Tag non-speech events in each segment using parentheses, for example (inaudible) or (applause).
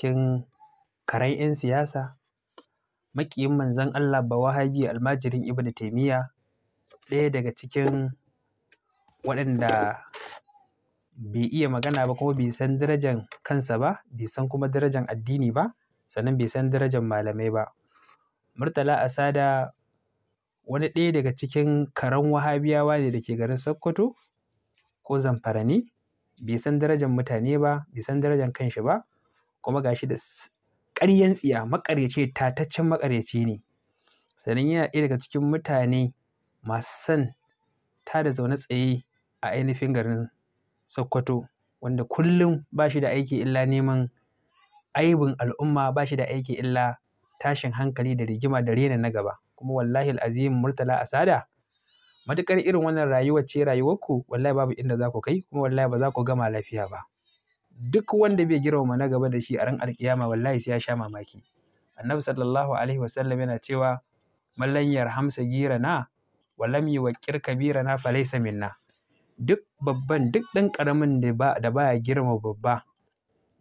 cikin karen 'yan siyasa maƙiyin manzon Allah ba wahabi almajirin ibn taimiyya ɗaya daga cikin waɗanda bai iya magana ba kuma bai san darajan kansa ba bai san kuma darajan addini ba sannan bai san darajan malamai ba murtala asada wani ɗaya daga cikin karen wahabiyawa ne da ke garin sokoto ko zamfara ne bai san darajan mutane ba bai san darajan kanshi ba kuma ga shi da ƙaryan tsiya maƙaryaci tataccen maƙaryaci ne sannan yana ɗaya daga cikin mutane masu son tada zaune tsaye a ainihin garin Sokoto wanda kullum ba shi da aiki illa neman aibin al'umma ba shi da aiki illa tashin hankali da rigima da rena na gaba kuma wallahi azim murtala asada matuƙar irin wannan rayuwar ce rayuwarku wallahi babu inda za ku kai kuma wallahi ba za ku gama lafiya ba Duk wanda bai girmama na gaba da shi a ran alƙiyama wallahi sai ya sha mamaki. Annabi sallallahu alaihi wasallam yana cewa man lam gira na, wa lam Kabira na, falaysa minna. Duk babban duk ɗan ƙaramin da ba da baya girma babba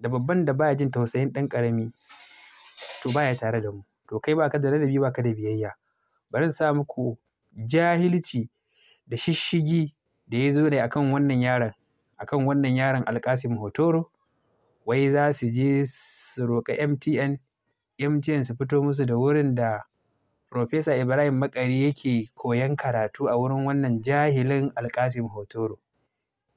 da babban da baya jin tausayin ɗan ƙarami to baya tare da mu. To kai baka da ladabi baka da biyayya. Bari sa muku jahilci da shishigi da ya zo ne akan wannan yaron akan wannan yaron Alkasim Hotoro wai za su je su roƙa MTN MTN su fito musu da wurin da Profesa Ibrahim Makari yake koyan karatu a wurin wannan jahilin Alkasim Hotoro.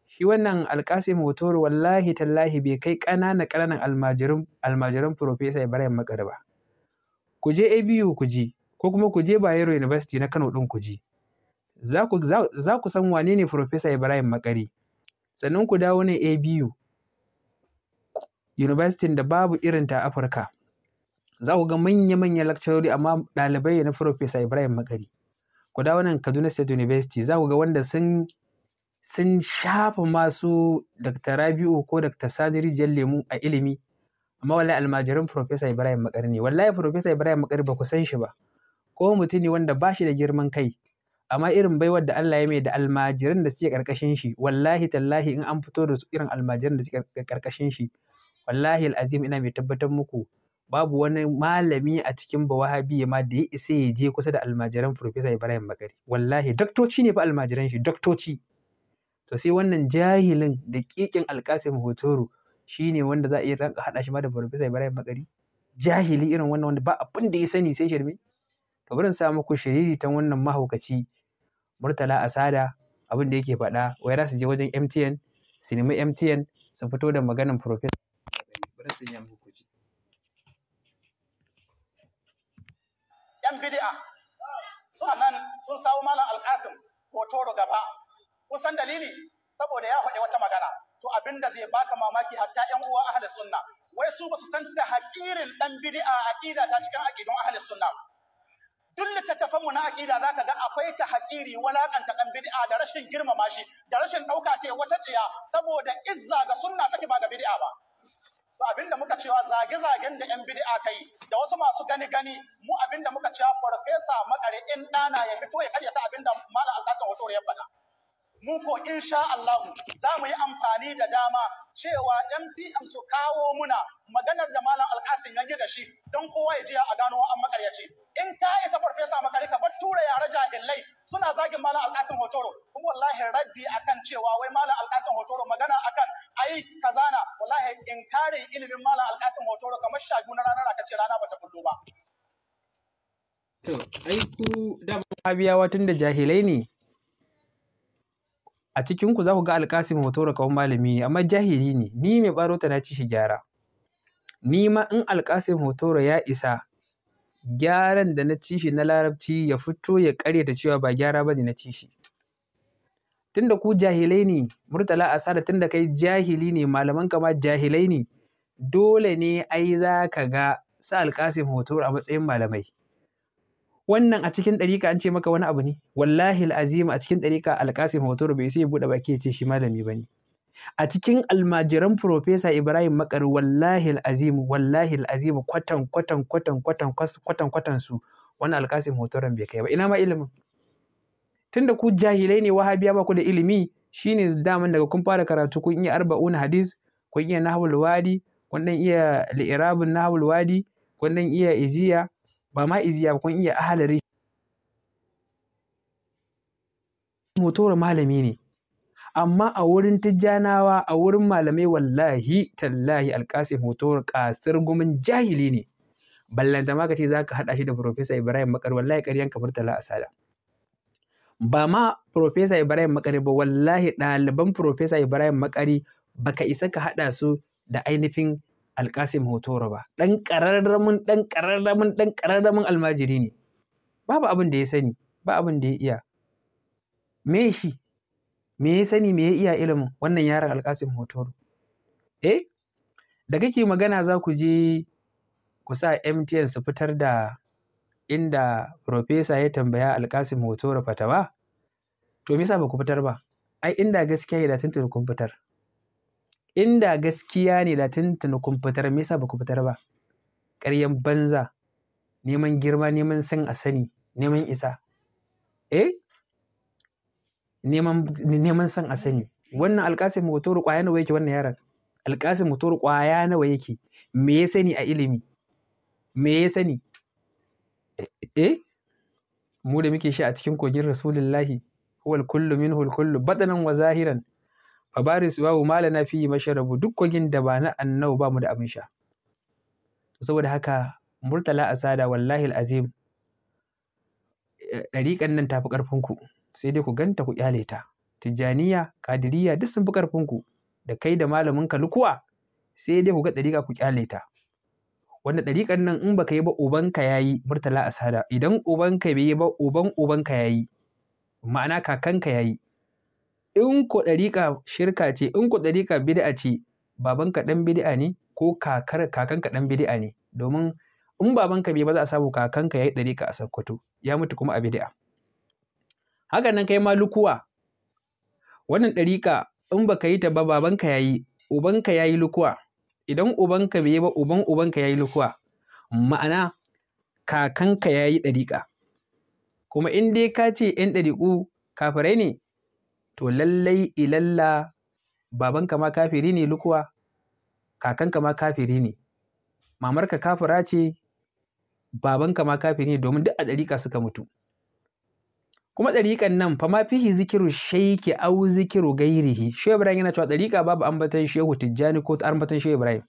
Shi wannan Alkasim Hotoro wallahi tallahi bai kai ƙanana ƙananan almajiran almajiran Profesa Ibrahim Makari ba. Ku je ABU ku ji ko kuma ku je Bayero University na Kano ɗin ku ji. Za ku san wane ne Profesa Ibrahim Makari. sannan ku dawo nan ABU university da babu irin ta Afirka za ku ga manya-manyan lecturori amma ɗalibai na Professor Ibrahim Makari ku dawo nan Kaduna State University za ku ga wanda sun sun shafa masu Dr. Rabi'u ko Dr. Sadiri lemu a ilimi amma wallahi almajirin Professor Ibrahim Makari ne wallahi Professor Ibrahim Makari ba ku san shi ba ko mutum ne wanda ba shi da girman kai amma irin baiwar da Allah ya mai da almajiran da suke karkashin shi wallahi tallahi in an fito da su irin almajiran da suke karkashin shi wallahi alazim ina mai tabbatar muku babu wani malami a cikin bawahabi ma da ya isa ya je kusa da almajiran Profesa Ibrahim Bakari wallahi daktoci ne fa almajiran shi daktoci to sai wannan jahilin da kikin Alkasim Hotoro shine wanda za a iya ranka hada shi ma da Profesa Ibrahim Bakari jahili irin wannan wanda ba abin da ya sani sai shirme to bari sa muku shiriri ta wannan mahaukaci murtala asada abin da yake faɗa wai za su je wajen mtn su nemi mtn su fito da maganin professor yan bid'a suna nan sun samu malam alkasim hotoro gaba kusan dalili saboda ya faɗi wata magana to abin da zai baka mamaki hatta yan uwa ahli sunna wai su ba su san ta hakirin dan bid'a aqida ta cikin aqidun ahli sunna duk littattafanmu na aƙida za ka ga akwai ta haƙiri walaƙanta ɗan bid'a da rashin girmama shi da rashin ɗauka ce wata tsiya saboda izza ga sunna take ba ga bid'a ba. To abinda muka cewa zage-zagen da 'yan bid'a yi, da wasu masu gani-gani mu abinda muka cewa farfesa makare in ɗana ya fito ya karyata da malam alƙasan hoto ya faɗa. mu ko insha Allah za mu yi amfani da dama cewa MTM su kawo muna maganar da Malam Alkasin yanke da shi don kowa ya jiya a gano an makaryaci. In ka isa farfesa makari ka bar tura yare jahilai suna zagin Malam Alkasin Hotoro kuma wallahi raddi akan cewa wai Malam Alkasin Hotoro magana akan ai kazana wallahi kare ilimin Malam Alkasin Hotoro kamar shagu na ranar aka ce rana bata fito ba. To, ai ku da tun da jahilai ne, a cikin ku za ku ga alƙasim hoto da kawun malami ne amma jahili ne ni mai barota na ci shi gyara ni ma in alƙasim hoto ya isa gyaran da na ci shi na larabci ya fito ya ta cewa ba gyara ba ne na ci shi tunda ku jahilai ne murtala asara tunda kai jahili ne malaman kama jahilai ne dole ne ai za ka ga sa alƙasim hoto a matsayin malamai wannan a cikin ɗariƙa an ce maka wani abu ne wallahi al'azim a cikin ɗariƙa alƙasim hotoro bai sai buɗe baki ya ce shi malami ba ne a cikin almajiran profesa ibrahim makar wallahi al'azim wallahi al'azim kwatan kwatan kwatan kwatan kwatan kwatan su wani alƙasim hotoron bai kai ba ina ma ilimin tunda ku jahilai ne wahabiya ba ku da ilimi shine daman daga kun fara karatu kun iya arba'una hadis kun iya nahwul wadi kun dan iya li'irabun nahwul wadi kun dan iya iziya ba ma iziya ba kun iya ahalari motoro malami ne amma a wurin tijjanawa a wurin malamai wallahi tallahi alkasim motoro kasir gumin jahili ne ballanta ma kace zaka hada shi da professor Ibrahim Makar wallahi ƙaryan ka murtala asada ba ma professor Ibrahim Makari ba wallahi ɗaliban professor Ibrahim Makari baka isa ka hada su da ainihin Alƙasim hotoro ba ɗan ƙararramin ɗan ƙararramin ɗan ƙararramin almajiri ne babu abin da ya sani ba abin da ya iya me shi me ya sani me ya iya ilimin wannan yaron Alƙasim hotoro eh da kake magana za ku je ku sa mtn su fitar da inda profesa ya tambaya Alƙasim hotoro fatawa to me sa ba ku fitar ba ai inda gaskiya ya da tuntun kun fitar inda gaskiya ne da tuntuni kun fitar me yasa ba fitar ba ƙaryan banza neman girma neman san a sani neman isa eh neman neman san a sani wannan alƙasim hoto ƙwaya nawa yake wannan yaran alƙasim hoto ƙwaya nawa yake me ya sani a ilimi me ya sani eh mu da muke shi a cikin kogin rasulullahi huwal kullu minhu al kullu batanan wa zahiran babu baris babu fiye fi masharabu duk kogin da ba na annau ba mu da abin sha saboda haka murtala asada wallahi azim eh, ɗariƙan nan tafi ƙarfinku sai dai ku ganta ku ƙyale ta tijjaniya kadiriya duk sun fi ƙarfinku da kai da malamin ka sai dai ku ga ɗariƙa ku ƙyale ta wanda ɗariƙan nan in baka yi ba ubanka yayi murtala asada idan ubanka bai yi ba uban ubanka yayi ma'ana kakanka yayi in ko ɗariƙa shirka ce in ko ɗariƙa bid'a ce babanka ɗan bid'a ne ko kakanka ɗan bid'a ne domin in babanka bai ba za a samu kakanka yayi ɗariƙa a Sokoto ya mutu kuma a bid'a haka nan kai ma malukuwa wannan ɗariƙa in baka yi ta ba babanka yayi ubanka yayi lukuwa idan ubanka bai ba uban ubanka yayi lukuwa ma'ana kakanka yayi ɗariƙa kuma in dai ka ce 'yan ɗariƙu kafirai ne to lallai ilalla babanka ma kafiri ne lukuwa kakanka ma kafiri ne mamarka kafira ce babanka ma kafiri ne domin duk a ɗariƙa suka mutu kuma ɗariƙan nan fa ma fihi zikiru shaiki au zikiru gairihi shehu ibrahim yana cewa ɗariƙa babu ambatan shehu tijjani ko ambatan shehu ibrahim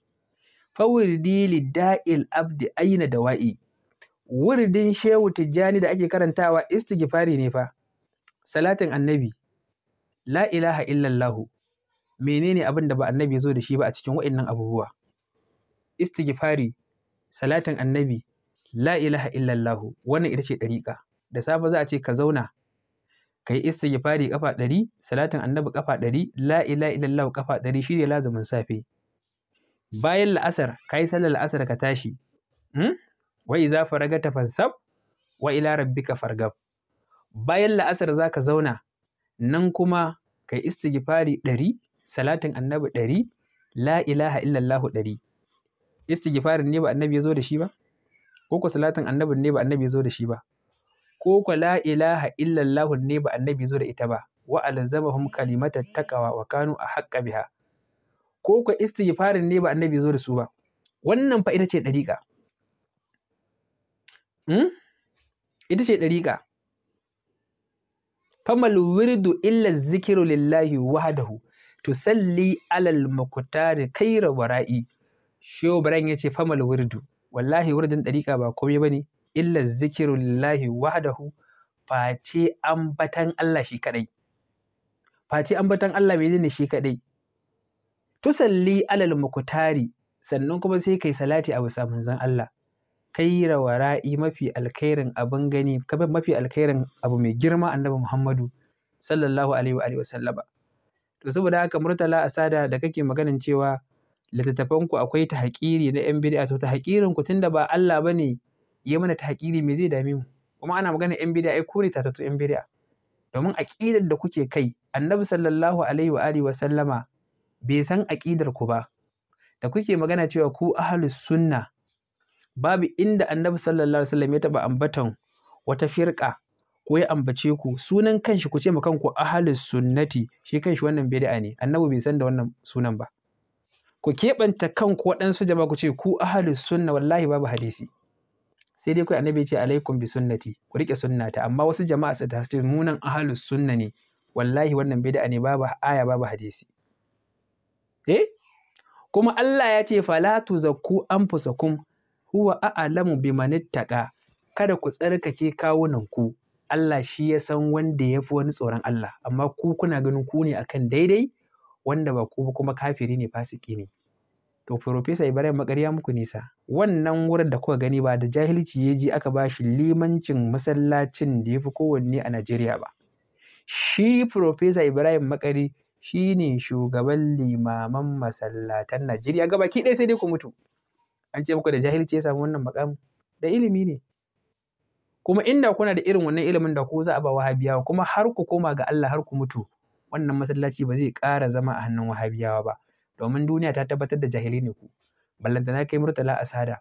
fa wirdi Da'il abdi aina dawa'i wurdin shehu tijjani da ake karantawa istighfari ne fa salatin annabi la ilaha illallahu menene abin da ba annabi zo da shi ba a cikin wa'annan abubuwa istighfari salatin annabi la ilaha illallahu wannan ita ce ɗariƙa da safe za a ce ka zauna ka yi istighfari kafa ɗari salatin annabi kafa ɗari la ilaha illallahu kafa ɗari shi ne lazumin safe bayan la'asar ka yi sallar la'asar ka tashi hmm? wa iza faragata fansab wa ila rabbika fargab bayan la'asar za ka zauna nan kuma kai istighfari ɗari salatin annabi ɗari la ilaha illallahu ɗari istighfarin ne ba annabi ya zo da shi ba ko ko salatin annabin ne ba annabi ya zo da shi ba ko ko la ilaha illallahu ne ba annabi ya zo da ita ba wa alzamahum kalimata taqwa wa kanu ahqqa biha ko ko istighfarin ne ba annabi ya zo da su ba wannan fa ita ce hmm? ita ce dariqa famal wirdu illa zikiru lillahi wahdahu tusalli alal muqtari khayra wara'i shehu ya yace famal wirdu wallahi wurdin dariqa ba komai bane illa zikiru lillahi wahdahu face ambatan Allah shi kadai face ambatan Allah shi kadai tusalli alal muqtari sannan kuma sai kai salati a bisa manzon Allah khaira wara'i mafi alkhairin abin gani mafi alkhairin abu mai girma annabi Muhammadu sallallahu alaihi wa alihi to saboda haka murtala asada da kake maganin cewa littattafan ku akwai haƙiri na yan bid'a to haƙirin ku tunda ba Allah bane ya mana haƙiri me zai dame mu kuma ana magana yan bid'a ai kore ta to yan bid'a domin aqidar da kuke kai annabi sallallahu alaihi wa alihi bai san aqidar ku ba da kuke magana cewa ku ahlus sunna babu inda annabi sallallahu alaihi wasallam ya taba ambaton wata firƙa ko ya ambace ku sunan kanshi ku ce ma kanku ahlus sunnati shi kanshi wannan bid'a ne annabi bai san da wannan sunan ba ku keɓanta kanku waɗansu jama'a ku ce ku ahlus sunna wallahi babu hadisi sai dai kai annabi ya ce alaikum bi sunnati ku rike sunnata amma wasu jama'a su ta ce munan ahlus sunna ne wallahi wannan bid'a ne babu aya babu hadisi eh kuma Allah ya ce fala tuzakku anfusakum huwa a'lamu bimanittaqa kada ku tsarkake ku, Allah shi ya san wanda ya fi wani tsoron Allah amma ku kuna ganin ku ne akan daidai wanda ba ku kuma kafiri ne fasiki ne to Profesa Ibrahim Makarya muku nisa wannan wurin da kuka gani ba da jahilci ya ji aka bashi limancin masallacin da ya fi kowanne a Najeriya ba shi Profesa Ibrahim Makari shine shugaban limaman masallatan Najeriya gabaki ɗaya sai dai ku mutu an ce muku da jahilci ya samu wannan makamu da ilimi ne kuma inda kuna da irin wannan ilimin da ku za a ba wahabiyawa kuma har ku koma ga Allah har ku mutu wannan masallaci ba zai ƙara zama a hannun wahabiyawa ba domin duniya ta tabbatar da jahili ne ku ballantana kai murtala asada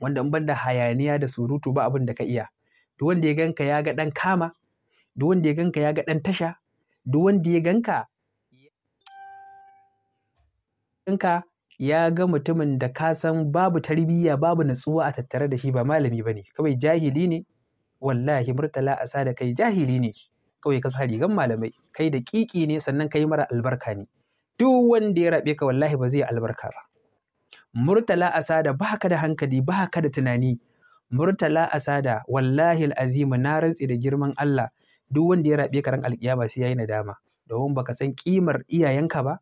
wanda in banda hayaniya da surutu ba abin da ka iya duk wanda ya ganka ya ga dan kama duk wanda ya ganka ya ga dan tasha duk wanda ya ganka ganka ya ga mutumin da ka san babu tarbiyya babu natsuwa a tattare da shi ba malami ba ne kawai jahili ne wallahi murtala a sa da kai jahili ne kawai ka sa rigan malamai kai da kiki ne sannan kai mara albarka ne duk wanda ya raɓe ka wallahi ba zai albarka ba murtala asada baka da hankali baka da tunani murtala asada wallahi Al-azimu, na rantsi da girman Allah duk wanda ya raɓe ka ran alkiyama sai yayi nadama domin baka san kimar iyayenka ba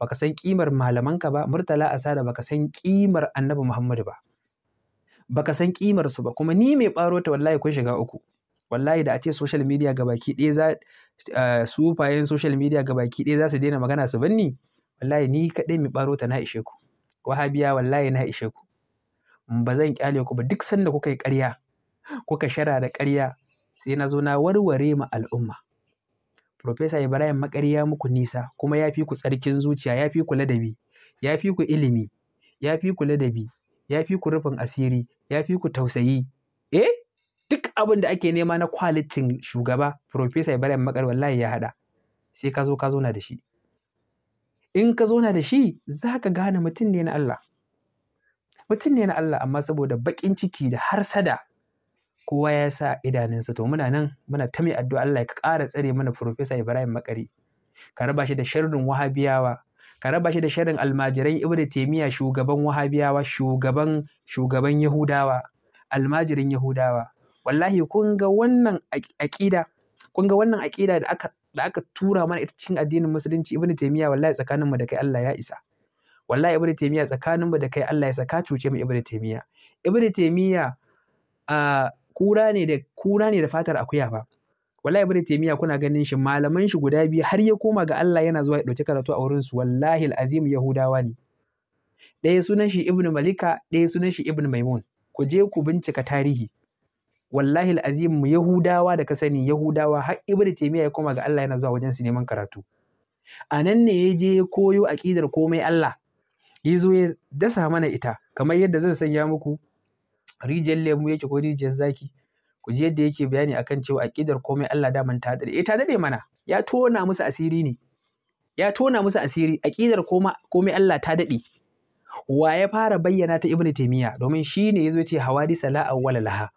baka san kimar malamanka ba murtala asada baka san ƙimar annabi muhammadu ba baka san kimar su ba kuma ni mai baro ta wallahi kun shiga uku wallahi da a ce social media gabaki ɗaya za eh, su fayen social media gabaki ɗaya za su daina magana su banni wallahi ni kaɗai mai baro ta na ishe ku wahabiya wallahi na ishe ku ba zan kyale ku ba duk sanda kuka yi ƙarya kuka shara da ƙarya sai na zo na warware ma al'umma Profesa Ibrahim Makari ya muku nisa kuma ya fi ku tsarkin zuciya, ya fi ku ladabi, ya fi ku ilimi, ya fi ku ladabi, ya fi ku rufin asiri, ya fi ku tausayi. Eh? Duk abin da ake nema na kwalitin shugaba, Profesa Ibrahim Makari wallahi ya haɗa. Sai ka zo ka zauna da shi. In ka na da shi, za ka gane mutum ne na Allah. Mutum ne na Allah amma saboda baƙin ciki da harsada kowa ya sa idanunsa to muna nan muna ta mai addu'a Allah ya ƙara tsare mana Profesa Ibrahim Makari ka raba shi da sharrin wahabiyawa ka raba shi da sharrin almajiran Ibn Taymiyyah shugaban wahabiyawa shugaban shugaban Yahudawa almajirin Yahudawa wallahi kun ga wannan aƙida kun ga wannan aƙida da aka da aka tura mana ita cikin addinin musulunci Ibn Taymiyyah wallahi tsakaninmu da kai Allah ya isa wallahi Ibn Taymiyyah tsakaninmu da kai Allah ya saka cuce mu Ibn Taymiyyah Ibn Taymiyyah a kura ne da kura ne da fatar akuya fa wallahi ibnu taymiya kuna ganin shi malaman shi guda biyu har ya koma ga Allah yana zuwa ya dauki karatu a wurin su wallahi alazim yahudawa ne ɗaya sunan shi ibnu malika ɗaya sunan shi ibnu maimun ku je ku bincika tarihi wallahi alazim yahudawa da ka sani yahudawa har ibnu taymiya ya koma ga Allah yana zuwa wajen su neman karatu a nan ne ya je koyo akidar komai Allah ya zo ya dasa mana ita kamar yadda zan sanya muku rijiyar lemu yake ko rijiyar zaki ku ji yadda yake bayani akan cewa aƙidar komai Allah daman ta daɗe eh ta daɗe mana ya tona musu asiri ne ya tona musu asiri aƙidar komai Allah ta daɗe wa ya fara bayyana ta ibnu taymiya domin shi ne yazo ce hawadisa la awwala laha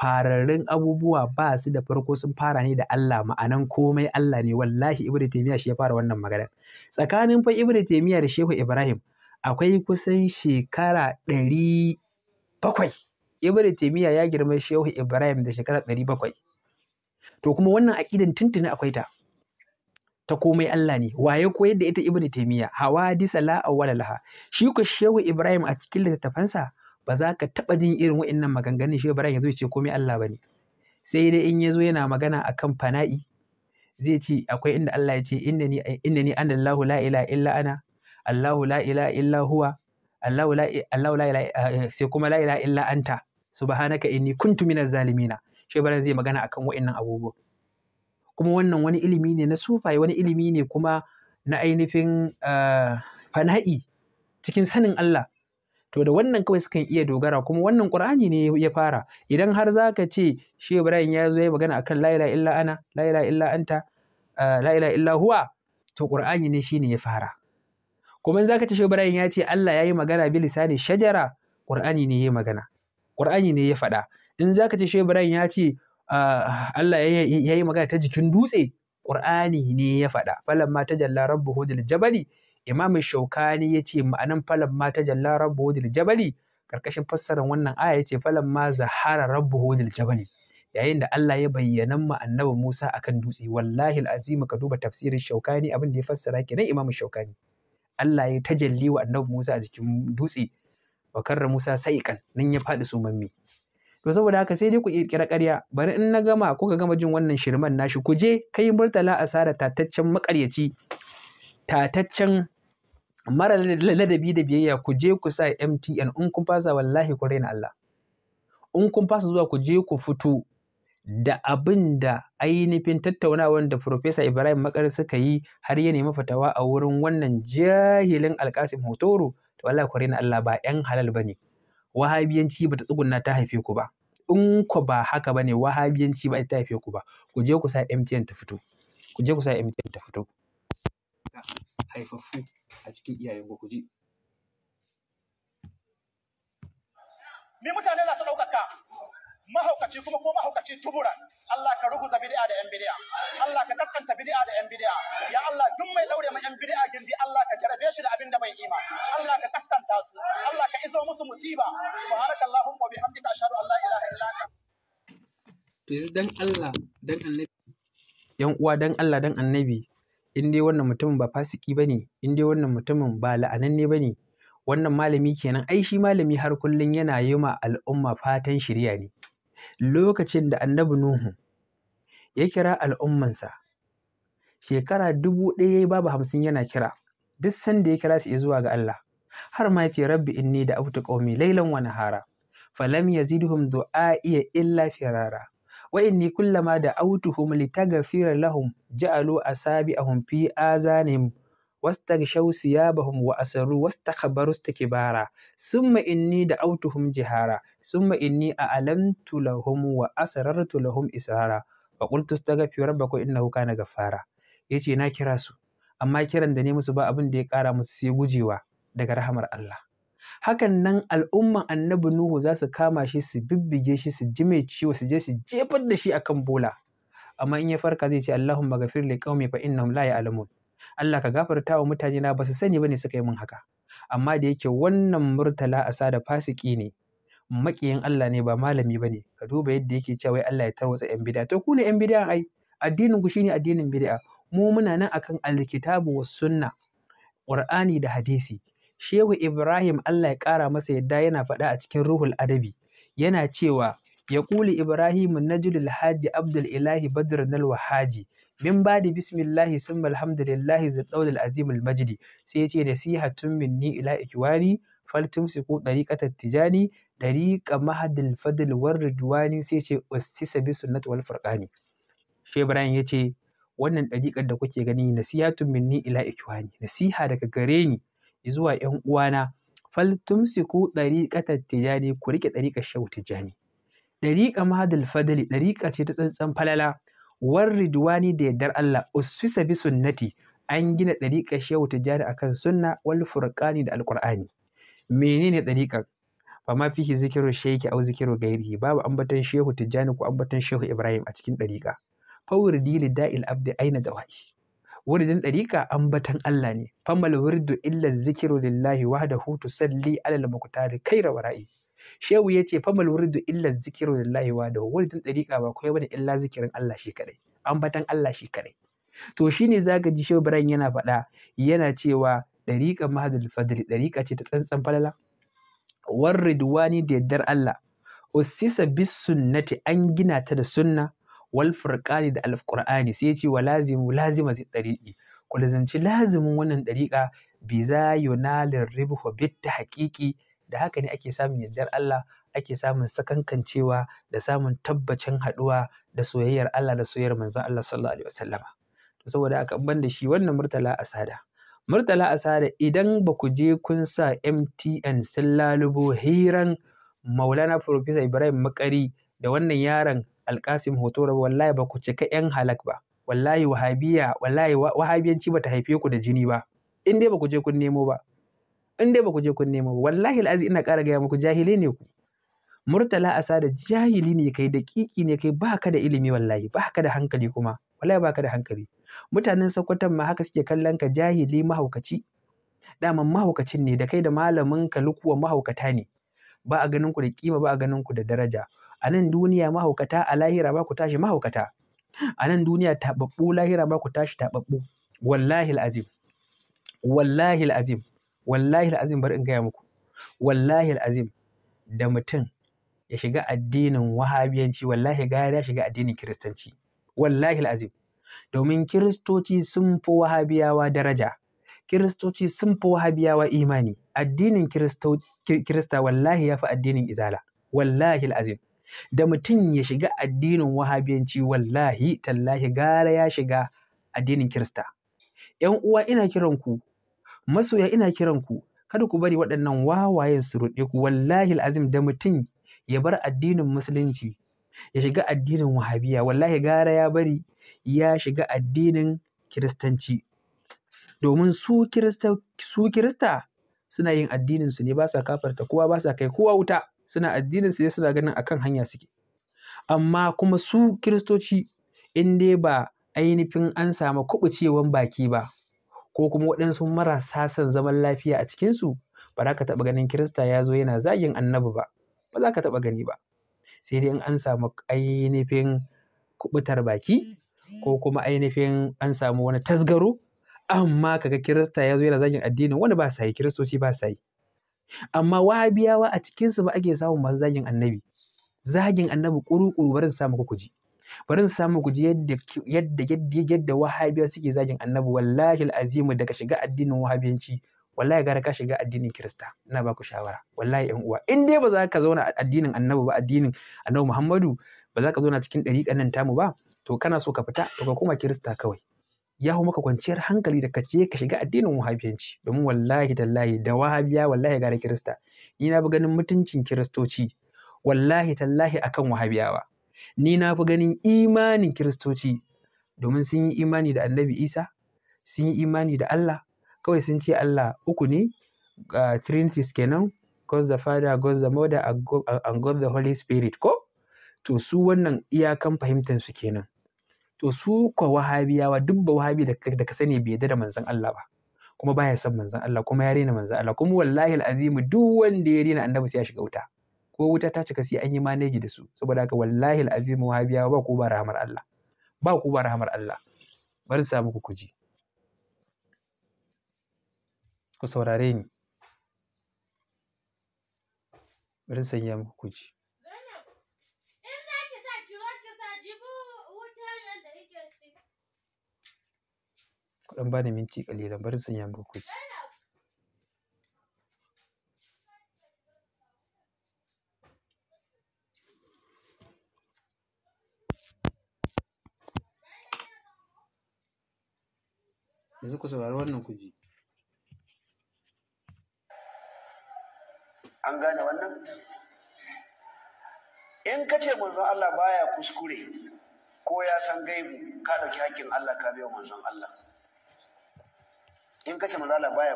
fararrun abubuwa ba su da farko sun fara ne da Allah ma'anan komai Allah ne wallahi ibnu taymiya shi ya fara wannan magana tsakanin fa ibnu taymiya da shehu ibrahim akwai kusan shekara ɗari bakwai Ibn Taymiyyah ya girma Shehu Ibrahim da shekara bakwai. To kuma wannan aƙidan tuntuni akwai ta. Ta komai Allah ne. Wa ya koyar da ita Ibn Taymiyyah? Hawadisa la awwala laha. Shi ko Shehu Ibrahim a cikin littattafansa ba za ka taɓa jin irin wa'innan maganganun Shehu Ibrahim ya zo ce komai Allah ba ne. Sai dai in ya zo yana magana akan fana'i zai ce akwai inda Allah ya ce innani innani anallahu la ilaha illa ana Allahu la ilaha illa huwa Allahu la eh, sai kuma la ilaha illa anta subhanaka inni kuntu minaz zalimina shi bara zai magana akan wa'annan abubuwa kuma wannan wani ilimi ne na sufaye wani ilimi ne kuma na ainihin ah, fana'i cikin sanin Allah to da wannan kawai sukan iya dogara kuma wannan qur'ani ne ya fara idan har zaka ce shi ibrahim ya zo ya magana akan la ilaha illa ana la ilaha illa anta ah, la ilaha illa huwa to qur'ani ne shine ya fara kuma in zaka ce shi ibrahim ya ce Allah ya yi magana bi lisani shajara qur'ani ne ya magana Qur'ani ne ya faɗa in zaka ce Shehu Ibrahim ya ce ah, Allah ya yi magana ta jikin dutse Ƙur'ani ne ya faɗa falamma tajalla rabbuhu lil jabali Imam Shaukani ya ce ma'anan falamma tajalla rabbuhu lil jabali karkashin fassarar wannan aya ya ce ma zahara rabbuhu lil jabali yayin da Allah ya bayyana ma annabi Musa akan dutse wallahi alazim ka duba tafsirin Shaukani abin da ya fassara kenan Imam Shaukani Allah ya tajalli wa annabi Musa a jikin dutse wa karra Musa saiqan nan ya faɗi sumammi to saboda haka sai dai ku kira ƙarya bari in na gama kuka gama jin wannan shirman nashi ku je kai murtala asara tataccen makaryaci tataccen mara ladabi da biyayya ku je ku sa MTN in kun fasa wallahi ku raina Allah in kun fasa zuwa ku je ku fito da abin da ainihin tattaunawar da Profesa Ibrahim Makar suka yi har ya nemi fatawa a wurin wannan jahilin Alkasim Hotoro to Allah ku rena Allah ba ƴan halal bane wahabiyanci bata tsugunna ta haife ku ba in ku ba haka bane wahabiyanci ba ta haife ku ba ku je ku sa MTN ta fito ku je ku sa MTN ta fito haifaffu a cikin iyayen ku je Me mutane na ta ɗaukaka mahaukaci kuma ko mahaukaci tubura Allah ka ruguza bid'a da yan bid'a Allah ka kaskanta bid'a da yan bid'a ya Allah duk mai daure ma yan bid'a gindi dan Allah dan annabi yan uwa dan Allah dan annabi in dai wannan mutumin ba fasiki bane in dai wannan mutumin ba la'ananne bane wannan malami kenan ai shi malami har kullum yana yi ma al'umma fatan shirya ne lokacin da annabi nuhu ya kira al'ummansa shekara dubu ɗaya babu hamsin yana kira duk sanda ya kira su zuwa ga Allah har ma ya rabbi inni da autu qaumi lailan wa nahara falam yazidhum iya illa firara wa inni kullama da autuhum litaghfira lahum ja'alu asabi'ahum fi azanim wastaghshaw siyabahum wa asaru wastakhbaru istikbara summa inni da autuhum jihara summa inni a'lamtu lahum wa asrartu lahum israra wa qultu astaghfiru rabbakum innahu kana ghaffara yace na kira su amma kiran da ne musu ba abin da ya kara musu sai gujewa daga rahamar Allah hakan nan al'umman annabi Nuhu za su kama shi su bibbige shi su ji mai ciwo su je su jefar da shi akan bola amma in ya farka zai ce Allahumma ghafir li qaumi fa innahum la ya'lamun Allah ka gafarta wa mutane na ba su sani bane suka yi min haka amma da yake wannan murtala a sada fasiki ne maƙiyan Allah ne ba malami ba ne. ka duba yadda yake cewa wai Allah ya tarwatsa yan bid'a to ku ne yan bid'a ai addinin ku ne addinin bid'a mu muna nan akan alkitabu was sunna ƙur'ani, da hadisi Shehu Ibrahim Allah ya ƙara masa yadda yana faɗa a cikin Ruhul Adabi yana cewa ya ƙuli Ibrahim Najulul Haji Abdul Ilahi Badr Nal Wahaji min badi bismillahi summa alhamdulillahi zaddaul al majdi sai yace nasihatun minni ila ikwani faltumsiku dariqatat tijani dariqa mahadil fadl war ridwani sai yace wasisa bi sunnat wal furqani Shehu Ibrahim yace wannan dariƙar da kuke gani nasihatun minni ila ikwani nasiha daga gare ni zuwa ‘yan uwana faltumsiku ɗariƙatar tijani ku riƙe ɗariƙar shehu tijani ɗariƙa mahadul fadli ɗariƙa ce ta tsantsan falala war ridwani da yardar Allah Usfisa bi sunnati an gina ɗariƙar shehu tijjani a kan sunna wal furqani da Mene menene ɗariƙar Ba ma fihi zikiru shayki aw zikiru gairihi babu ambaton shehu tijjani ko ambaton shehu ibrahim a cikin ɗariƙa fawridi dail abdi aina da dawa'i wuridin ɗariƙa ambatan Allah ne famal wuridu illa zikiru lillahi hutu, salli, alal kai rawa rai shehu ya ce famal wuridu illa zikiru lillahi da wuridin ɗariƙa ba koyi bane illa zikirin Allah shi kadai ambatan Allah shi kadai to za ne ji shehu Ibrahim yana faɗa yana cewa ɗariƙa mahadul fadli ɗariƙa ce ta tsantsan falala war da yaddar Allah usisa bis sunnati an gina ta da sunna wal da alqur'ani sai ya ce wa lazimu lazima zai dariqi ku lazimci lazimin wannan dariqa bi za yunalir ribhu bit tahqiqi da haka ne ake samun yardar Allah ake samun sakankancewa da samun tabbacin haɗuwa da soyayyar Allah da soyayyar manzon Allah sallallahu alaihi wasallama to saboda haka ban da shi wannan murtala asada murtala asada idan ba ku je kun sa MTN sun lalubo hiran Maulana Professor Ibrahim Makari da wannan yaron alkasim hotora wallahi ba ku cika yan halak ba wallahi wahabiya wallahi wahabiyanci ba ta haife ku da jini ba in dai ba ku je kun nemo ba in dai ba ku je kun nemo ba wallahi al'azi ina ƙara gaya muku jahili ne ku murtala asa da jahili ne kai da kiki ne kai baka da ilimi wallahi baka da hankali kuma wallahi baka da hankali mutanen sakwatan ma haka suke kallon ka jahili mahaukaci daman mahaukacin ne da kai da malamin ka lukuwa mahaukata ne ba a ganin ku da kima ba a ganin ku da daraja a nan duniya mahaukata a lahira ba ku tashi mahaukata a nan duniya taɓaɓɓu lahira ba ku tashi taɓaɓɓu wallahi azim wallahi azim wallahi azim bari in gaya muku wallahi azim da mutum ya shiga addinin wahabiyanci wallahi ga ya shiga addinin kiristanci wallahi azim domin kiristoci sun fi wahabiyawa daraja kiristoci sun fi wahabiyawa imani addinin kirista wallahi ya fi addinin izala wallahi azim da mutum ya shiga addinin wahabiyanci wallahi tallahi gara ya shiga addinin kirista ‘yan uwa ina kiranku masoya ina kiranku kada ku bari waɗannan wawayen su ruɗe ku wallahi azim da mutum ya bar addinin musulunci ya shiga addinin wahabiya wallahi gara ya bari ya shiga addinin kiristanci domin su kirista suna yin addininsu ne ba sa kafarta kowa ba sa kai kowa wuta suna addinin su suna ganin akan hanya suke amma kuma su kiristoci in dai ba ainihin an samu kubucewan baki ba ko kuma waɗansu marasa son zaman lafiya a cikinsu ba za ka taɓa ganin kirista ya zo yana zagin annabi ba ba za ka taɓa gani ba sai dai in an samu ainihin kubutar baki ko kuma ainihin an samu wani tasgaro amma kaga kirista ya zo yana zagin addinin wani ba sa yi kiristoci ba sa yi amma wahabiyawa a cikinsu ba ake samun masu zagin annabi zagin annabi kurukuru ƙuru barin samu ku kuji barin samu kuji yadda yadda yadda yadda wahabiya suke zagin annabi wallahi alazimu daga shiga addinin wahabiyanci wallahi gara ka shiga addinin kirista ina baku shawara wallahi yan uwa in dai ba za ka zauna a addinin annabi ba addinin annabi muhammadu ba za ka zauna cikin ɗariƙan nan tamu ba to kana so ka fita to ka koma kirista kawai ya hu maka kwanciyar hankali da ka je ka shiga addinin wahabiyanci domin wallahi tallahi da wahabiya wallahi gara kirista ni na fi ganin mutuncin kiristoci wallahi tallahi akan wahabiyawa ni na fi ganin imanin kiristoci domin sun yi imani da annabi isa sun yi imani da allah kawai sun ce allah uku ne uh, trinities kenan God the Father, God the Mother, and God the Holy Spirit ko? To su wannan iyakan fahimtar su kenan. to su kwa wahabiyawa duk ba wahabi da ka sani bai da manzon Allah ba kuma baya son manzon Allah kuma ya rena manzon Allah kuma wallahi alazim duk wanda ya rena annabi sai ya shiga wuta ko wuta ta cika sai an yi maneji da su saboda haka wallahi alazim wahabiyawa ba ku ba rahmar Allah ba ku ba rahmar Allah bari sa muku kuji ku saurare ni bari sanya muku kuji Kuɗin ba da minti ƙalilan bari sanya muku kuki yanzu ku saurari wannan kuji an gane wannan in ka ce manzon Allah baya kuskure ko ya san gaibu ka ɗauki hakkin Allah ka biya manzon Allah in kace manzo Allah baya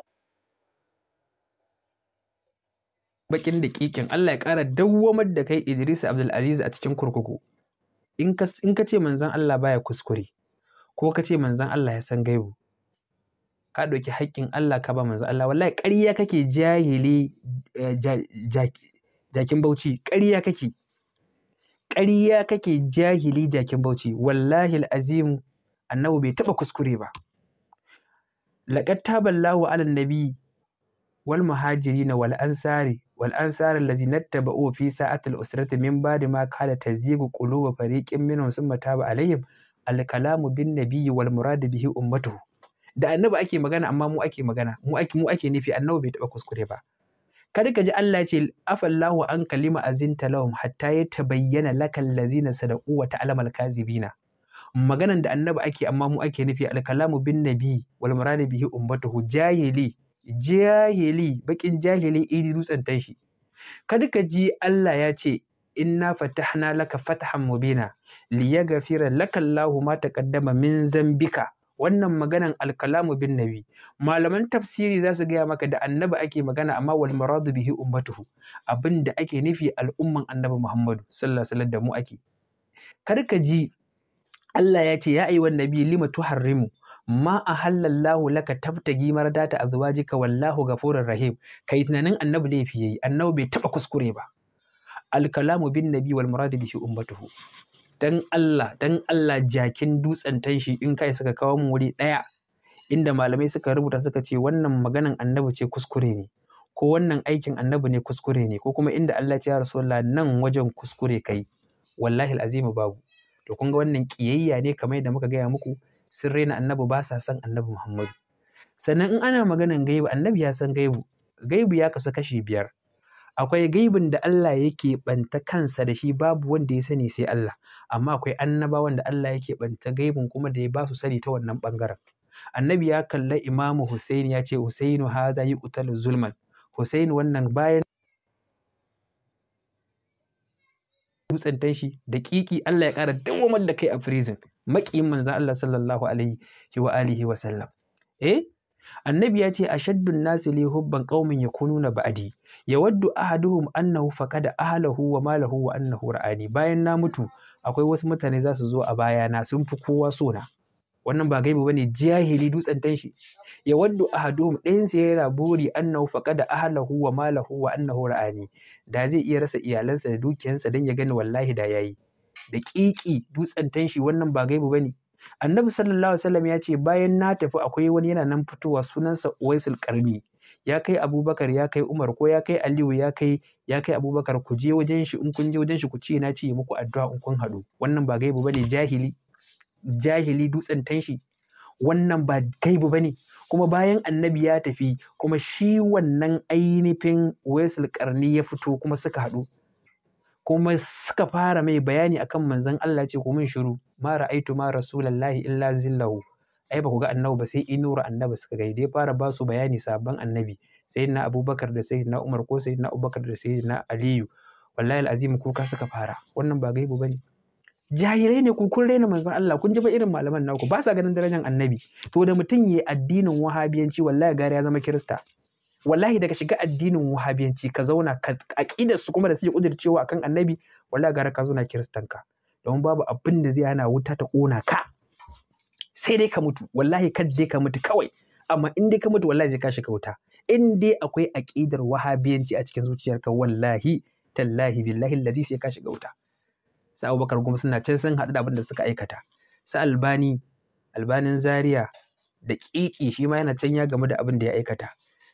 bakin dakikin Allah ya kara dawwamar da kai Idris Abdul Aziz a cikin kurkuku in ka in kace manzon Allah baya kuskure ko kace manzon Allah ya san gaibu ka dauki haƙƙin Allah ka ba manzon Allah wallahi ƙarya kake jahili eh, jakin bauchi ƙarya kake ƙarya kake jahili jakin bauchi wallahi al'azim annabi bai taɓa kuskure ba لقد taballahu الله على النبي والمهاجرين والأنصار والأنصار الذين ansari في ساعة الأسرة من usrati ما كان تزيغ قلوب tazigu منهم ثم تاب عليهم الكلام بالنبي والمراد به bin da annabi ake magana amma mu ake magana mu ake mu ake nufi annabi bai taba kuskure ba kada ka ji Allah ya ce afallahu an kalima azinta lahum hatta yatabayyana lakal ladina sadaqu wa ta'lamal kazibina maganan da annabi ake amma mu ake nufi alkalamu bin nabi wal muradu bihi ummatuhu jahili jahili bakin jahili idi dutsen tashi kada ka ji Allah ya ce inna fatahna laka fathan mubina liyaghfira laka Allahu ma taqaddama min zambika wannan maganan alkalamu bin nabi malaman tafsiri za su gaya maka da annabi ake magana amma wal maradu bihi ummatuhu abinda ake nufi al'umman annabi muhammadu sallallahu alaihi wasallam da mu ake kada ka ji Allah ya ce ya ayyuhan nabi lima tuharrimu ma a halallahu laka tabtagi mardata azwajika wallahu ghafurur rahim kai tunanin annabi laifi yayi annabi bai taba kuskure ba Alkalamu kalamu bin nabi wal murad bihi ummatuhu dan Allah dan Allah jakin dutsen tanshi in kai suka kawo mu wuri daya inda malamai suka rubuta suka ce wannan maganan annabi ce kuskure ne ko wannan aikin annabi ne kuskure ne ko kuma inda Allah ya ce ya rasulullah nan wajen kuskure kai wallahi al'azimu babu to kun ga wannan ƙiyayya ne kamar yadda muka gaya muku sun raina annabi ba sa son annabi Muhammadu sannan in ana maganan gaibu annabi ya san gaibu gaibu ya kasu kashi biyar akwai gaibin da Allah yake banta kansa da shi babu wanda ya sani sai Allah amma akwai annabawan da Allah yake banta gaibin kuma da ya ba su sani ta wannan bangaren annabi ya kalla imamu Husaini ya ce Husainu hadha yuqtalu zulman Husainu wannan bayan dutsen tashi da kiki Allah ya ƙara dawamar da kai a prison maƙiyin manzo Allah sallallahu alaihi wa alihi wa sallam eh annabi ya ce ashaddun nasi li hubban qaumin yakununa ba'di yawaddu ahaduhum annahu faqada ahlahu wa malahu wa annahu ra'ani bayan na mutu akwai wasu mutane za su zo a bayana sun fi kowa sona wannan ba gaibu bane jahili dutsen tanshi yawaddu ahaduhum ɗayan sa yana buri annahu faqada ahlahu wa malahu wa annahu ra'ani da zai iya rasa iyalansa da dukiyansa don ya gani wallahi da yayi da ƙiƙi dutsen tanshi wannan ba gaibu bane annabi sallallahu alaihi wasallam ya ce bayan na tafi akwai wani yana nan fitowa sunansa uwaisul karni ya kai abubakar ya kai umar ko ya kai aliyu ya kai ya kai abubakar ku je wajen shi in kun je wajen shi ku ce na ce muku addu'a in kun haɗu wannan ba gaibu bane jahili jahili dutsen tanshi wannan ba gaibu bane kuma bayan annabi ya tafi kuma shi wannan ainihin wesel karni ya fito kuma suka haɗu kuma suka fara mai bayani akan manzon Allah ce ku mun shiru ma ra'aitu ma rasulullahi illa zillahu ai ba ku ga annabi ba sai inura annabi suka gaide ya fara ba su bayani sabon annabi sayyidina abubakar da sayyidina umar ko sayyidina abubakar da sayyidina aliyu wallahi alazim kuka suka fara wannan ba gaibu ne. jahilai ne ku kun raina manzon Allah kun ji ba irin malaman naku ba sa ganin darajar annabi to da mutum yayi addinin wahabiyanci wallahi gari ya zama kirista wallahi daga shiga addinin wahabiyanci ka zauna ka aqidar su kuma da suke cewa akan annabi wallahi gari ka zauna ka don babu abin da zai hana wuta ta kona ka sai dai ka mutu wallahi kad dai ka mutu kawai amma in dai ka mutu wallahi zai ka wuta in dai akwai aqidar wahabiyanci a cikin zuciyarka wallahi tallahi billahi allazi sai ka shiga wuta su abubakar kuma suna can sun haɗu da abin da suka aikata su albani albanin zaria da ƙiƙi shi ma yana can ya gamu da abin ya aikata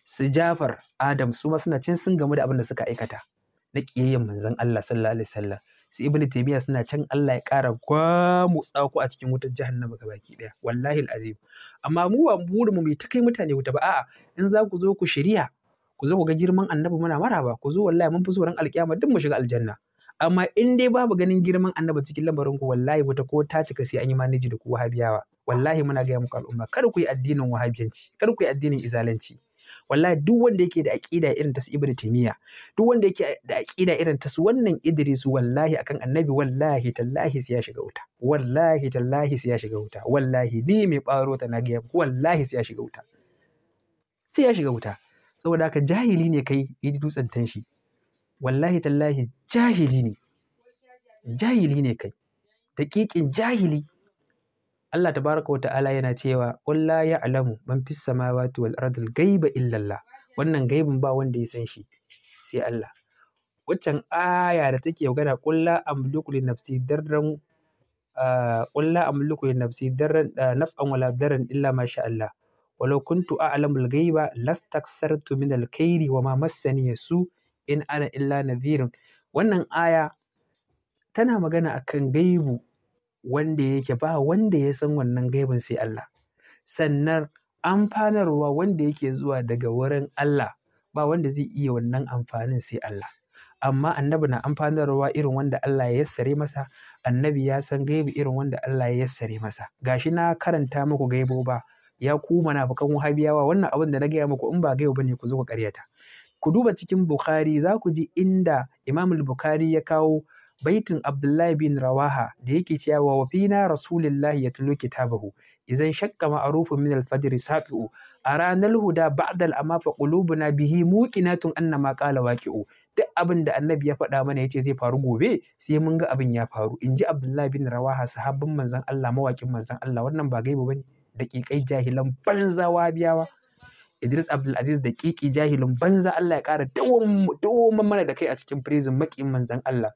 su jafar adam su ma suna can sun gamu da abinda da suka aikata na ƙiyayyen manzon Allah sallallahu alaihi wasallam su ibnu taymiya suna can Allah ya ƙara gwamu tsako a cikin wutar jahannama baki daya wallahi al'azim. amma mu ba burin mu ta kai mutane wuta ba a'a in za ku zo ku shirya ku zo ku ga girman annabi muna maraba ku zo wallahi mun fi tsoron alkiyama duk mu shiga aljanna amma in dai babu ganin girman annaba cikin lamarin ku wallahi wata ko ta cika sai an yi maniji da ku wahabiyawa wallahi muna gaya muku al'umma kar ku yi addinin wahabiyanci kar ku yi addinin izalanci wallahi duk wanda yake da aqida irin ta su ibnu taymiya duk wanda yake da aqida irin ta su wannan idris wallahi akan annabi wallahi tallahi sai ya shiga wuta wallahi tallahi sai ya shiga wuta wallahi ni mai baro ta na ga wallahi sai ya shiga wuta sai ya shiga wuta saboda haka jahili ne kai yi dutsen tanshi wallahi tallahi jahili ne jahili ne kai daƙiƙin jahili Allah tabaraka wata'ala yana cewa qul la ya'lamu man fis samawati wal ardil ghaiba illa Allah wannan gaibin ba wanda ya san shi sai Allah waccan aya da take magana qul la amliku li nafsi darran ah, qul la amliku li nafsi darran ah, naf'an wala darran illa ma sha Allah ولو كنت أعلم الغيب ghaiba من min وما مسني سوء in ana illa nadhirun wannan aya tana magana akan gaibu wanda yake ba wanda ya san wannan gaibin sai Allah sannan amfanarwa wanda yake zuwa daga wurin Allah ba wanda zai iya wannan amfanin sai Allah amma annabi na amfanarwa irin wanda Allah ya yassare masa annabi ya san gaibi irin wanda Allah ya yassare masa gashi na karanta muku gaibo ba ya ku munafikan wahabiyawa wannan abin da na gaya muku in ba gaibo bane ku zo ku karyata Ku duba cikin Bukhari za ku ji inda Imam Bukhari ya kawo baitin Abdullahi bin Rawaha da yake cewa wa fina Rasulullahi yatlu kitabahu idan shakka ma'rufun min al-fajr saqi'u arana al-huda ba'da al-ama fa qulubuna bihi muqinatun annama qala waqi'u duk abin da annabi ya faɗa mana yace zai faru gobe sai mun ga abin ya faru In ji Abdullahi bin Rawaha sahabbin manzon Allah mawakin manzon Allah wannan ba gaibu bane daƙiƙai jahilan banza biyawa? Idris Abdulaziz da kiki jahilin banza Allah ya ƙara dawon mana da kai a cikin prison maƙin manzan Allah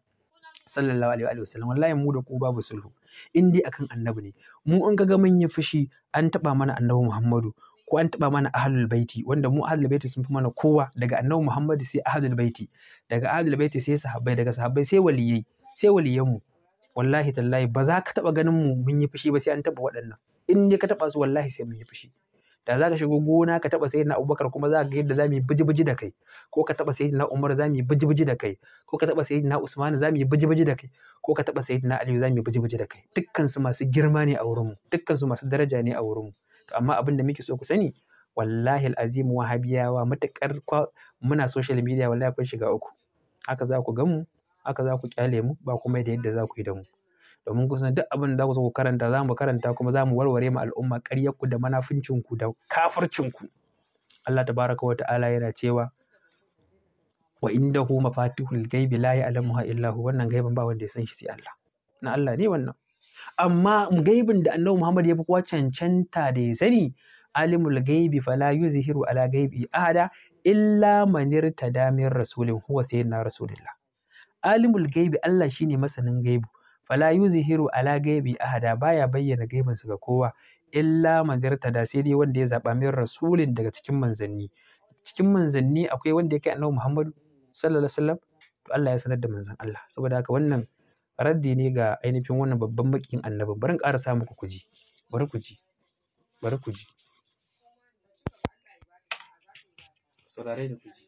sallallahu alaihi wa wallahi mu da ku babu sulhu in akan annabi ne mu in ga mun yi fushi an taba mana annabi Muhammadu ko an taba mana ahlul baiti wanda mu ahlul baiti sun fi mana kowa daga annabi Muhammadu sai ahlul baiti daga ahlul baiti sai sahabbai daga sahabbai sai waliyai sai waliyanmu wallahi tallahi ba za ka taba ganin mu mun yi fushi ba sai an taba waɗannan in ka taba su wallahi sai mun yi fushi da za ka shigo gona ka taɓa sayyidina abubakar kuma za ka ga yadda za mu yi biji-biji da kai ko ka taɓa sayyidina umar za mu yi biji-biji da kai ko ka taɓa sayyidina usman za mu yi biji-biji da kai ko ka taɓa sayyidina aliyu za mu yi biji-biji da kai dukkan su masu girma ne a wurinmu dukkan su masu daraja ne a wurin mu, to amma abin da muke so ku sani wallahi al'azim wahabiyawa matakar muna social media wallahi kun shiga uku haka za ku ga mu haka za ku kyale mu ba kuma da yadda za ku yi da mu domin kusan duk abin da za ku karanta za mu karanta kuma za mu warware ma al'umma ƙaryarku da manafincinku da kafircinku Allah tabaraka wa ta'ala yana cewa wa indahu mafatihul ghaibi la ya'lamuha illa hu wannan gaiban ba wanda ya san shi sai Allah na Allah ne wannan amma gaibin da Annabi Muhammad ya fi kowa cancanta da ya sani alimul gaibi fala yuzhiru ala gaibi ahada illa man irtada min rasulin huwa sayyidina rasulillah alimul gaibi Allah shine masanin gaibu fala yuzhiru ala gaibi ahada baya bayyana gaibinsa ga kowa illa man da sai dai wanda ya zaba min rasulin daga cikin manzanni cikin manzanni akwai wanda ya kai annabi Muhammadu sallallahu alaihi wasallam to Allah ya sanar da manzon Allah saboda haka wannan raddi ne ga ainihin wannan babban makin annabi bari ƙara sa muku kuji bari kuji bari kuji saurare da kuji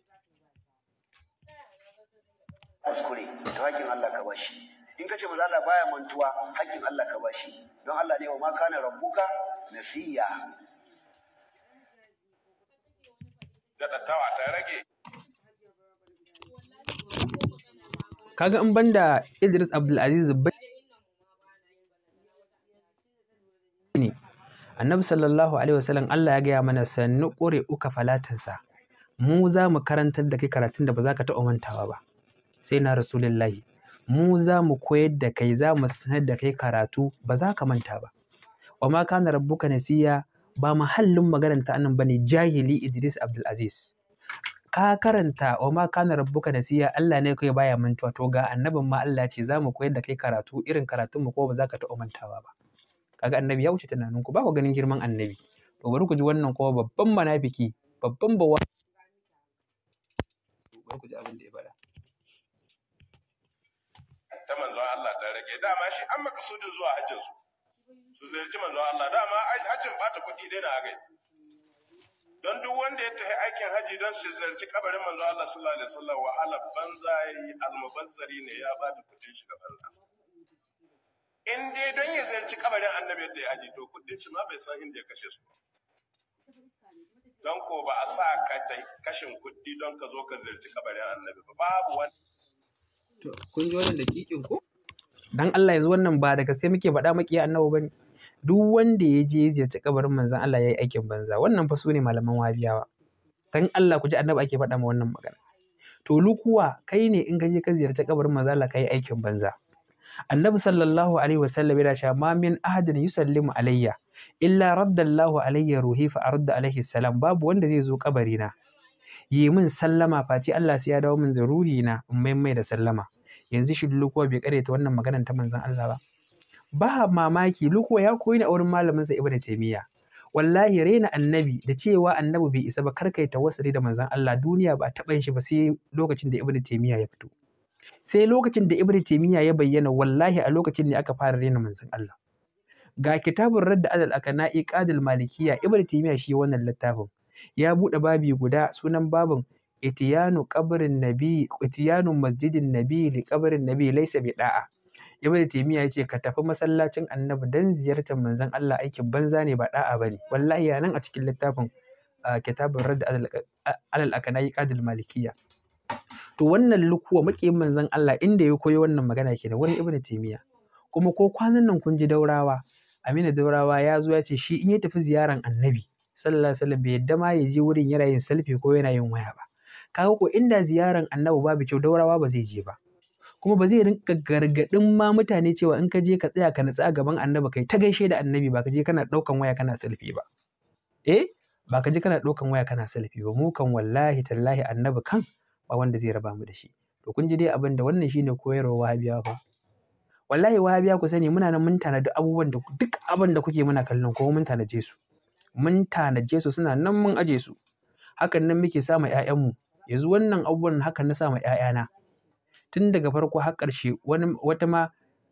kuskure tawakin Allah ka bashi in ce manzo Allah baya mantuwa hakkin Allah ka bashi don Allah ne wa ma kana rabbuka nasiya da dattawa ta rage kaga in banda Idris Abdulaziz ne annabi sallallahu alaihi wasallam Allah ya gaya mana sannu kure, uka falatansa mu za mu karantar da kai karatun da ba za ka taɓa mantawa ba sai na rasulullahi mu za mu koyar da kai za mu sanar da kai karatu ba za ka manta ba wa ma kana rabbuka nasiya ba mahallin maganar ta anan bane jahili Idris Abdulaziz ka karanta wa ma kana rabbuka nasiya Allah ne kai baya mantuwa to ga annabin ma Allah ce za mu koyar da kai karatu irin karatun mu ko ba za ka taɓa mantawa ba kaga annabi ya wuce tunanin ku ba ku ganin girman annabi to bari ku ji wannan kuma babban manafiki babban bawa ku ji abin da ya faɗa Eh, dama shi an makasudin zuwa hajjin su su ziyarci manzo Allah dama hajjin bata kuɗi dai na gai. don duk wanda ya tafi aikin haji don su ziyarci kabarin manzo Allah sallallahu alaihi wasallam wahala banza yayi almubazzari ne ya bata kuɗin shi ga Allah in dai don ya ziyarci kabarin annabi da ya aji to kuɗin shi ma bai san inda ya kashe su don ko ba a sa ka kashin kuɗi don ka zo ka ziyarci kabarin annabi ba babu wani to kun ji wannan dakikin ko dan Allah yanzu wannan ba daga sai muke faɗa maki ya annabi bane duk wanda ya je ya ziyarci kabarin manzon Allah yayi aikin banza wannan fa su ne malaman wajiyawa. dan Allah ku ji annabi ake faɗa ma wannan magana to lukuwa kai ne in ka je ka ziyarci kabarin manzon Allah kai aikin banza annabi sallallahu alaihi wasallam yana cewa ma min ahadin yusallimu alayya illa raddallahu alayya ruhi fa arudda alaihi salam babu wanda zai zo kabarina yi min sallama face Allah sai ya dawo min da ruhi na in mai da sallama yanzu shi lukuwa bai karyata wannan maganar ta manzon Allah ba ba mamaki lukuwa ya koyi ne a wurin malaminsa Ibn Taymiyyah. wallahi raina annabi da cewa annabi bai isa ba karkaita wasu da manzon Allah duniya ba taɓa shi ba sai lokacin da Ibn Taymiyyah ya fito sai lokacin da Ibn Taymiyyah ya bayyana wallahi a lokacin ne aka fara raina manzon Allah ga kitabun radda adal Akana Iqadul malikiya Ibn Taymiyyah shi wannan littafin ya buɗe babi guda sunan babin itiyanu nabi itiyanu masjidin nabi li qabrin nabi laysa bi da'a ibn taymiya yace ka tafi masallacin annabi dan ziyartar manzon Allah aikin banza ne ba da'a bane wallahi yanan a cikin littafin kitabun radd alal akanai qadil malikiyya to wannan lukuwa muke manzon Allah inda ya koyi wannan magana kenan wurin ibn taymiya kuma ko kwanan nan kun ji daurawa Aminu Daurawa ya zo ya ce shi in ya tafi ziyaran annabi sallallahu alaihi wasallam bai yadda ma ya je wurin yana yin selfie ko yana yin waya ba Kaga ko inda ziyaran annabi babu kyau Daurawa ba zai je ba. Kuma ba zai rinka gargadin ma mutane cewa in ka je ka tsaya ka natsa gaban annabi kai ta gaishe da annabi ba ka je kana ɗaukan waya kana selfie ba. Eh ba ka je kana ɗaukan waya kana selfie ba. Mu kan wallahi tallahi annabi kan ba wanda zai raba mu da shi. To kun ji dai abin da wannan shine koyarwar Wahabiyawa ba? Wallahi Wahabiyawa ku sani muna nan mun da abubuwan da duk abin da kuke muna kallon ko mun je su. Mun je su suna nan mun aje su. Hakan nan muke sa 'ya'yan mu. yanzu wannan abubuwan haka na sa ma 'ya'yana tun daga farko har ƙarshe wani wata ma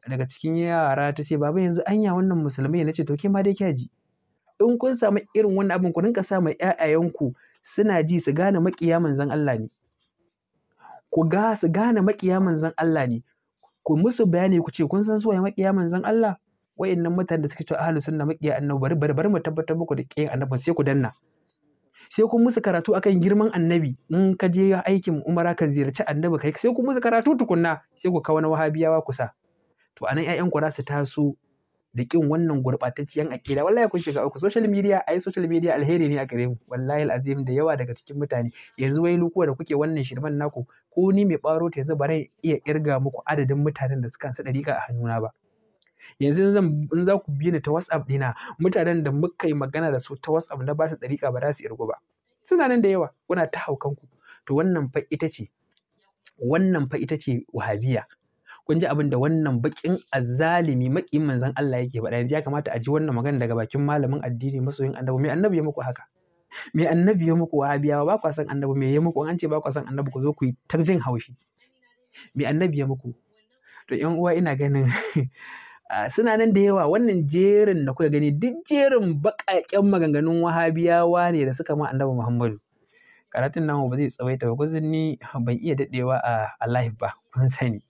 daga cikin yara ta ce baba yanzu anya wannan musulmai ne ce to ke ma dai kya ji in kun samu irin wannan abin ku rinka sa ma 'ya'yayanku suna ji su gane maƙiya manzon Allah ne ku ga su gane maƙiya manzon Allah ne ku musu bayani ku ce kun san suwaye maƙiya manzon Allah wa'annan mutanen da suke cewa ahlus sunna maƙiya annabi bari bari bari mu tabbatar muku da kiyin annabi sai ku danna sai kun musu karatu akan girman annabi in ka je aikin umara ka ziyarci annabi kai sai kun musu karatu tukunna sai ku kawo na wahabiyawa kusa to anan ƴaƴan ku su taso da kin wannan gurɓatacciyar aƙida wallahi kun shiga uku social media ai social media alheri ne a gare mu wallahi alazim da yawa daga cikin mutane yanzu wai lukuwa da kuke wannan shirman naku ko ni mai ɓaro ta yanzu ba iya kirga muku adadin mutanen da suka sa dariƙa a hannuna ba yanzu in za ku bi ni ta WhatsApp dina mutanen da muka yi magana da su ta WhatsApp na ba su ɗariƙa ba za su irgo ba suna nan da yawa kuna ta haukanku. to wannan fa ita ce wannan fa ita ce wahabiya kun ji abin da wannan bakin azalimi maƙin manzan Allah yake faɗa yanzu ya kamata a ji wannan magana daga bakin malamin addini masoyin annabi mai annabi ya muku haka mai annabi ya muku wahabiyawa ba kwa san annabi mai ya muku an ce ba kwa san annabi ku zo ku yi ta jin haushi mai annabi ya muku to yan uwa ina ganin (laughs) Ah, suna nan da yawa wannan jerin da kuka gani duk jerin baƙaƙen maganganun wahabiyawa ne da suka ma annabi muhammadu karatun namu ba zai tsawaita ba kusan ni ban iya daɗewa a live ba (laughs) kun sani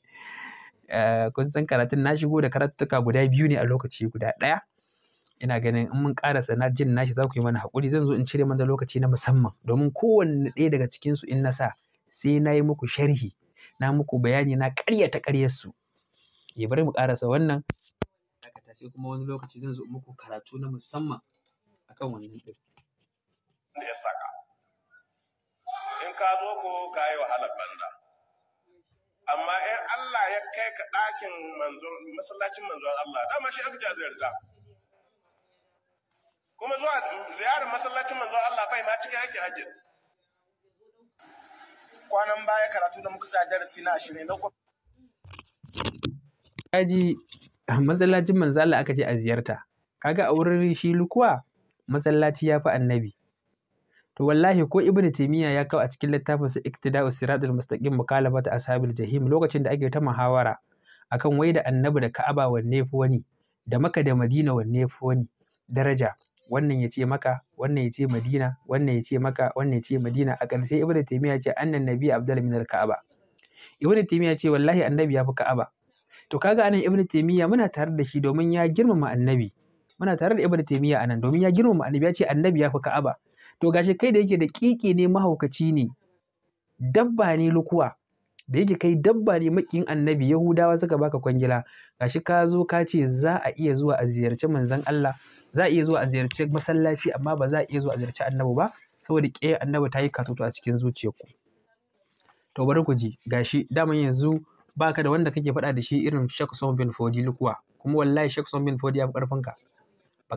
eh, kun san karatun na shigo da karatuka guda biyu ne a lokaci guda ɗaya ina ganin in mun karasa na jin nashi za ku yi mana haƙuri zan zo in cire mana lokaci na musamman domin kowanne ɗaya daga cikinsu in na sa sai na yi muku sharhi na muku bayani na ƙaryata ƙaryarsu ya eh, bari mu ƙarasa wannan sai kuma wani lokaci zan zo muku karatu na musamman akan wannan ɗin. Da ya saka. In ka zo ko ka yi wahalar banza. Amma in Allah ya kai ka ɗakin manzon masallacin manzon Allah dama shi aka jazu yarda. Kuma zuwa ziyarar masallacin manzon Allah bai ma cikin aikin hajji. Kwanan baya karatu da muka sa darasi na ashirin na kwafi. Kaji (laughs) masallacin manzo Allah aka je a ziyarta kaga a wurin shi lukuwa masallaci ya fi annabi to wallahi ko ibnu taymiya ya kawo a cikin littafin sa iktida'u siratul mustaqim mukalafata ashabil jahim lokacin da ake ta muhawara akan wai da annabi da ka'aba wanne fi wani da maka da madina wanne fi wani daraja wannan ya ce maka wannan ya ce madina wannan ya ce maka wannan ya ce madina a ƙarshe ibnu taymiya ce annan nabi abdul min al-ka'aba ibnu taymiya ce wallahi annabi ya fi ka'aba To kaga anan Ibn Taymiyyah muna tare da shi domin ya girmama Annabi. Muna tare da Ibn Taymiyyah anan domin ya girmama Annabi ya ce Annabi ya fi Ka'aba. To gashi kai da yake da kiki ne mahaukaci ne dabba ne lukuwa da yake kai dabba ne makin Annabi Yahudawa suka baka kwangila gashi ka zo ka ce za a iya zuwa a ziyarci manzon Allah za a iya zuwa a ziyarci masallaci amma ba za a iya zuwa a ziyarci Annabi ba saboda ƙe Annabi ta yi katoto a cikin zuciyarku. To bari ku ji gashi daman yanzu baka da wanda kake faɗa da shi irin Sheikh Usman bin Fodi Lukuwa kuma wallahi Sheikh Usman bin Fodi ya fi karfin ka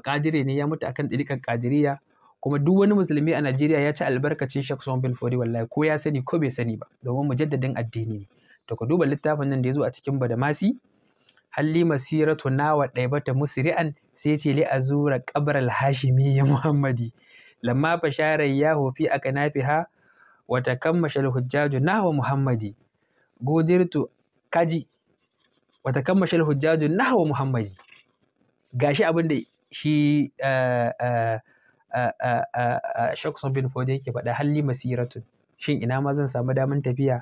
ƙadire ne ya mutu akan ɗirikan kadiriya kuma duk wani musulmi a Najeriya ya ci albarkacin Sheikh Usman bin Fodi wallahi ko ya sani ko bai sani ba domin mujaddadin addini ne to ka duba littafin nan da ya zo a cikin Badamasi halli masiratu nawa ɗaibata musri'an sai ce li azura qabr hashimi ya muhammadi lamma bashara yahu fi akanafiha wa takammasha hujjaju nahwa muhammadi godirtu kaji wata mashal hujjaju nahwa muhammadi gashi abin da shi eh, eh, eh, shakson bin fode yake faɗa halli masiratun shin ina ma zan samu daman tafiya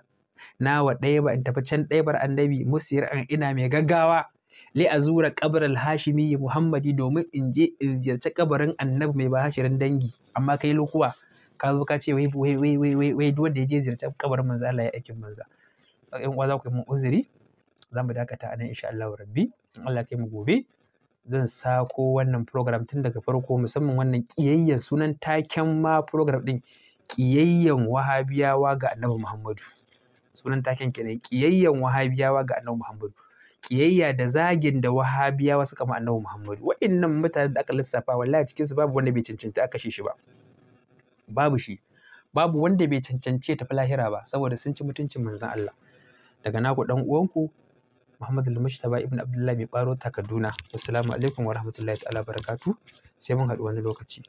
na wa ɗaya ba in tafi can ɗaya bar annabi musiran ina mai gaggawa li azura qabral hashimi muhammadi domin in je in ziyarci kabarin annabi mai bahashirin dangi amma kai lokuwa ka zo ka ce wai wai wai wai wanda ya je ziyarci kabarin manzo Allah ya aikin manzo yan uwa za ku yi mun uzuri za mu dakata a nan insha Allah rabbi Allah kai mu gobe zan sako wannan program tun daga farko musamman wannan kiyayyen sunan taken ma program din kiyayyen wahabiyawa ga annabi Muhammadu sunan taken kenan kiyayyen wahabiyawa ga annabi Muhammadu kiyayya da zagin da wahabiyawa suka ma annabi Muhammadu wa'annan mutanen da aka lissafa wallahi cikin su babu wanda bai cancanta aka kashe shi ba babu shi babu wanda bai cancance tafi lahira ba saboda sun ci mutuncin manzon Allah daga naku dan uwanku Muhammad Al-Mushtaba ibn Abdullahi mai ɓaro ta Kaduna. Assalamu alaikum wa rahmatullahi ta'ala barakatu. Sai mun haɗu wani lokaci.